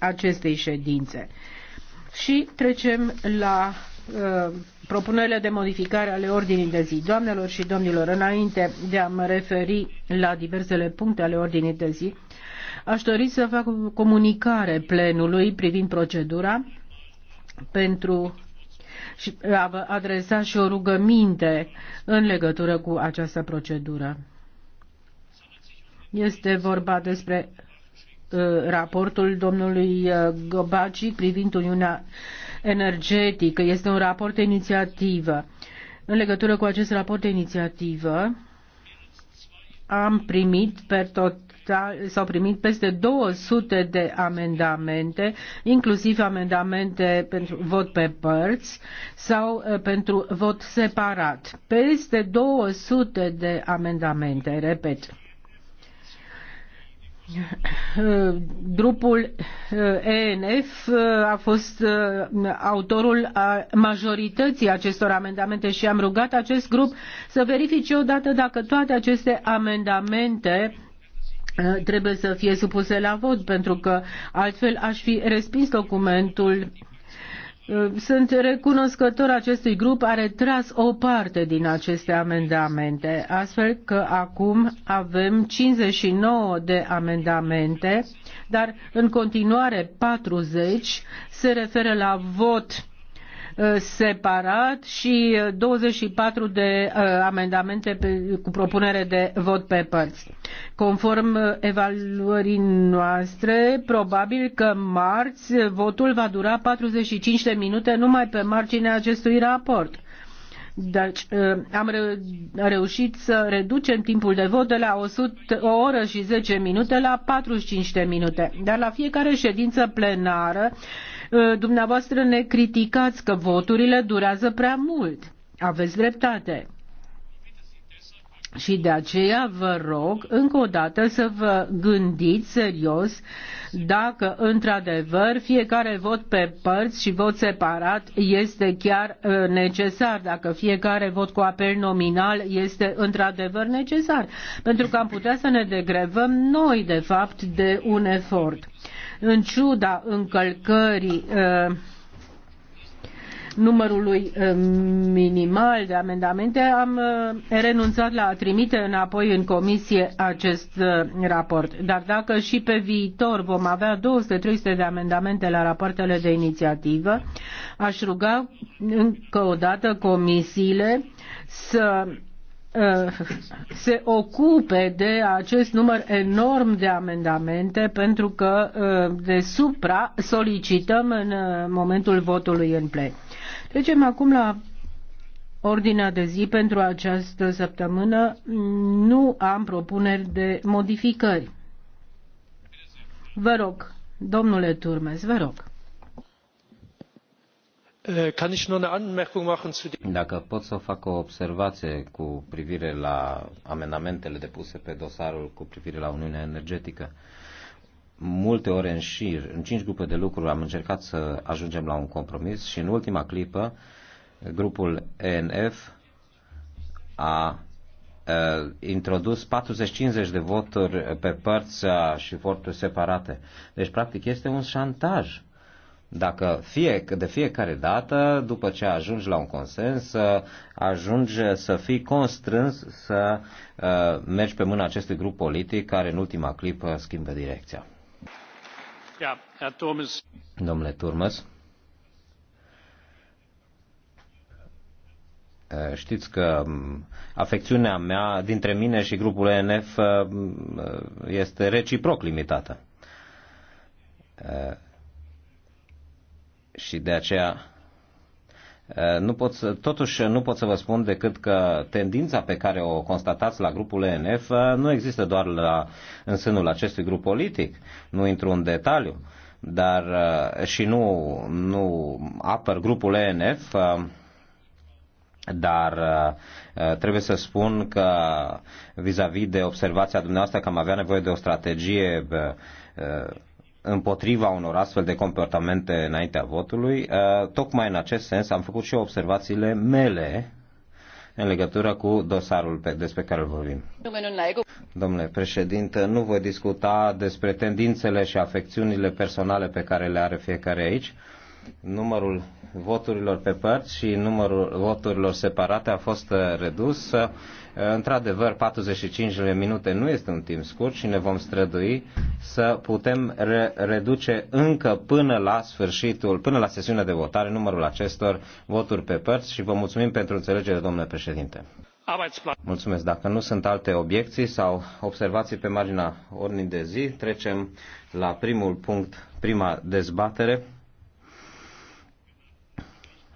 acestei ședințe. Și trecem la uh, propunerile de modificare ale ordinii de zi. Doamnelor și domnilor, înainte de a mă referi la diversele puncte ale ordinii de zi, aș dori să fac o comunicare plenului privind procedura pentru și uh, a vă adresa și o rugăminte în legătură cu această procedură. Este vorba despre Uh, raportul domnului uh, Gobaci privind Uniunea Energetică. Este un raport de inițiativă. În legătură cu acest raport de inițiativă, am primit per total, s-au primit peste 200 de amendamente, inclusiv amendamente pentru vot pe părți sau uh, pentru vot separat. Peste 200 de amendamente, repet. Eh, grupul ENF eh, eh, a fost autorul a majorității acestor amendamente și am rugat acest grup să verifice odată dacă toate aceste amendamente trebuie să fie supuse la vot, pentru că altfel aș fi respins documentul sunt recunoscător acestui grup, a retras o parte din aceste amendamente, astfel că acum avem 59 de amendamente, dar în continuare 40 se referă la vot Uh, separat și 24 uh, de uh, amendamente cu propunere de vot pe părți. Conform evaluării noastre, probabil că marți votul va dura 45 de minute numai pe marginea acestui raport. Deci am reușit să reducem timpul de vot de la 100, o oră și 10 minute la 45 de minute. Dar la fiecare ședință plenară Ă, dumneavoastră ne criticați că voturile durează prea mult. Aveți dreptate. Și de aceea vă rog încă o dată să vă gândiți serios dacă într-adevăr fiecare vot pe părți și vot separat este chiar ă, necesar, dacă fiecare vot cu apel nominal este într-adevăr necesar, pentru că am putea să ne degrevăm noi de fapt de un efort în ciuda încălcării ă, numărului ă, minimal de amendamente, am ă, renunțat la a trimite înapoi în comisie acest raport. Dar dacă și pe viitor vom avea 200-300 de amendamente la rapoartele de inițiativă, aș ruga încă o dată comisiile să Uh, se ocupe de acest număr enorm de amendamente pentru că uh, de supra solicităm în uh, momentul votului în plen. Trecem acum la ordinea de zi pentru această săptămână. Nu am propuneri de modificări. Vă rog, domnule Turmes, vă rog. Äh, Dacă pot să fac o observație cu privire la amendamentele depuse pe dosarul cu privire la Uniunea Energetică, multe ori în șir, în cinci grupe de lucru am încercat să ajungem la un compromis și în ultima clipă grupul ENF a ă, introdus 40-50 de voturi pe părți și voturi separate. Deci, practic, este un șantaj dacă fie, de fiecare dată, după ce ajungi la un consens, ajungi să fii constrâns să uh, mergi pe mâna acestui grup politic care în ultima clipă schimbă direcția. Domnule Turmes, uh, Știți că um, afecțiunea mea dintre mine și grupul ENF uh, este reciproc limitată și de aceea uh, nu pot să, totuși nu pot să vă spun decât că tendința pe care o constatați la grupul ENF uh, nu există doar la, în sânul acestui grup politic, nu intru în detaliu, dar uh, și nu, nu apăr grupul ENF, dar trebuie să spun că vis-a-vis -vis de observația dumneavoastră că am avea nevoie de o strategie împotriva unor astfel de comportamente înaintea votului. Uh, tocmai în acest sens am făcut și observațiile mele în legătură cu dosarul pe, despre care vorbim. Domnule președinte, nu voi discuta despre tendințele și afecțiunile personale pe care le are fiecare aici numărul voturilor pe părți și numărul voturilor separate a fost uh, redus. Uh, într-adevăr, 45 de minute nu este un timp scurt și ne vom strădui să putem re- reduce încă până la sfârșitul, până la sesiunea de votare, numărul acestor voturi pe părți și vă mulțumim pentru înțelegere, domnule președinte. Mulțumesc. Dacă nu sunt alte obiecții sau observații pe marginea ordinii de zi, trecem la primul punct, prima dezbatere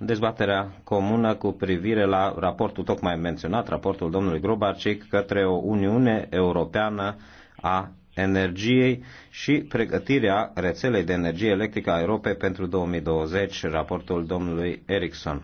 dezbaterea comună cu privire la raportul tocmai menționat, raportul domnului Grobarcic, către o Uniune Europeană a energiei și pregătirea rețelei de energie electrică a Europei pentru 2020, raportul domnului Ericsson.